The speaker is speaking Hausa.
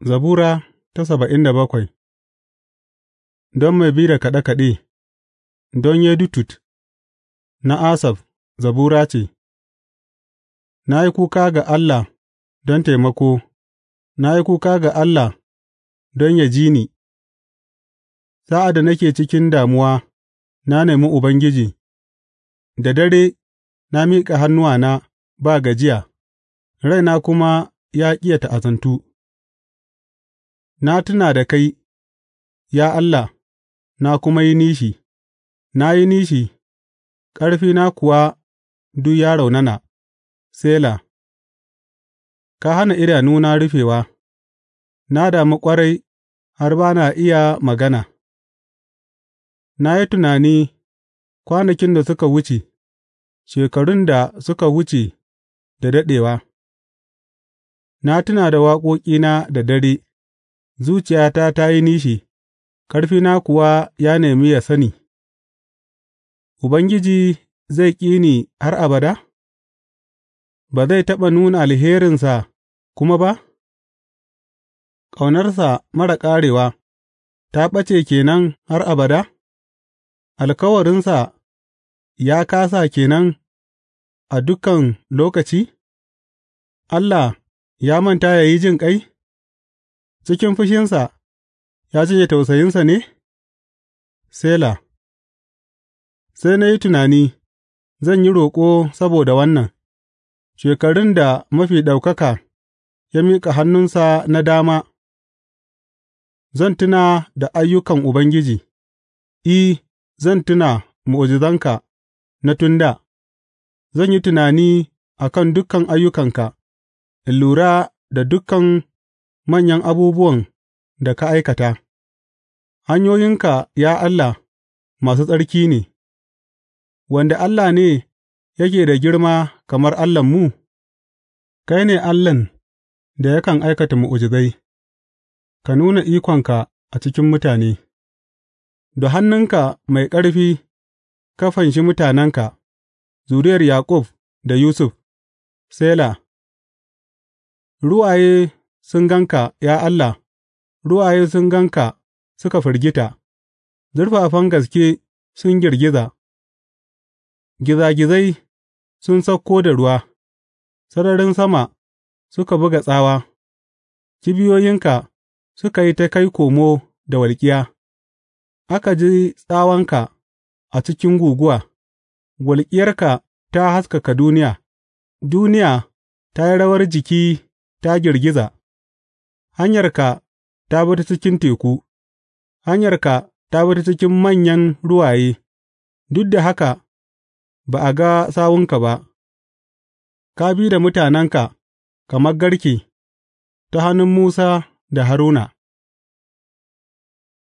Zabura ta saba'in da bakwai Don mai bi da kaɗe kaɗe Don Yedutun na Asaf zabura ce Na yi kuka ga Allah don taimako, na yi kuka ga Allah don ya ji ni; sa'ad da nake cikin damuwa na nemi Ubangiji, da dare na miƙa hannuwana ba gajiya raina kuma ya ƙi ta ta'azantu. Na tuna da kai, ya Allah, na kuma yi nishi; na yi nishi, ƙarfina kuwa duk ya raunana. Sela Ka hana idanuna rufewa; na damu ƙwarai har ba na iya magana, na yi tunani kwanakin da suka wuce, shekarun da suka wuce da daɗewa; na tuna da waƙoƙina da dare. Zuciyata ta yi nishi, ƙarfina kuwa ya nemi yă sani, Ubangiji zai ƙi ni har abada, ba zai taɓa nuna alherinsa kuma ba, ƙaunarsa mara ƙarewa ta ɓace kenan har abada, alkawarinsa ya kāsa kenan a dukan lokaci, Allah ya manta ya yi jin ƙai Cikin fushinsa ya janye tausayinsa ne? Sela Sai na yi tunani, Zan yi roƙo saboda wannan, shekarun da Mafi Ɗaukaka ya miƙa hannunsa na dama, zan tuna da ayyukan Ubangiji, I, zan tuna mu'ujizanka na tun da. zan yi tunani a kan dukan ayyukanka, in lura da dukan manyan abubuwan da ka aikata; hanyoyinka, ya Allah, masu tsarki ne, wanda allah ne yake da girma kamar Allahnmu, kai ne Allahn da yakan aikata mu'ujizai, ka nuna ikonka a cikin mutane; da hannunka mai ƙarfi ka fanshi mutanenka, zuriyar Yaƙub da Yusuf. Sela Ruwaye sun gan ka, ya Allah, ruwaye sun gan ka suka firgita, zurfafan gaske sun girgiza, gizagizai sun sauko da ruwa, sararin sama suka buga tsawa, kibiyoyinka suka yi ta kai komo da walƙiya, aka ji tsawanka a cikin guguwa, walƙiyarka ta haskaka duniya, duniya ta yi rawar jiki ta girgiza. Hanyarka ta bi ta cikin teku, hanyarka ta bi ta cikin manyan ruwaye, duk da haka ba a ga sawunka ba; ka bi da mutanenka kamar garke ta hannun Musa da Haruna.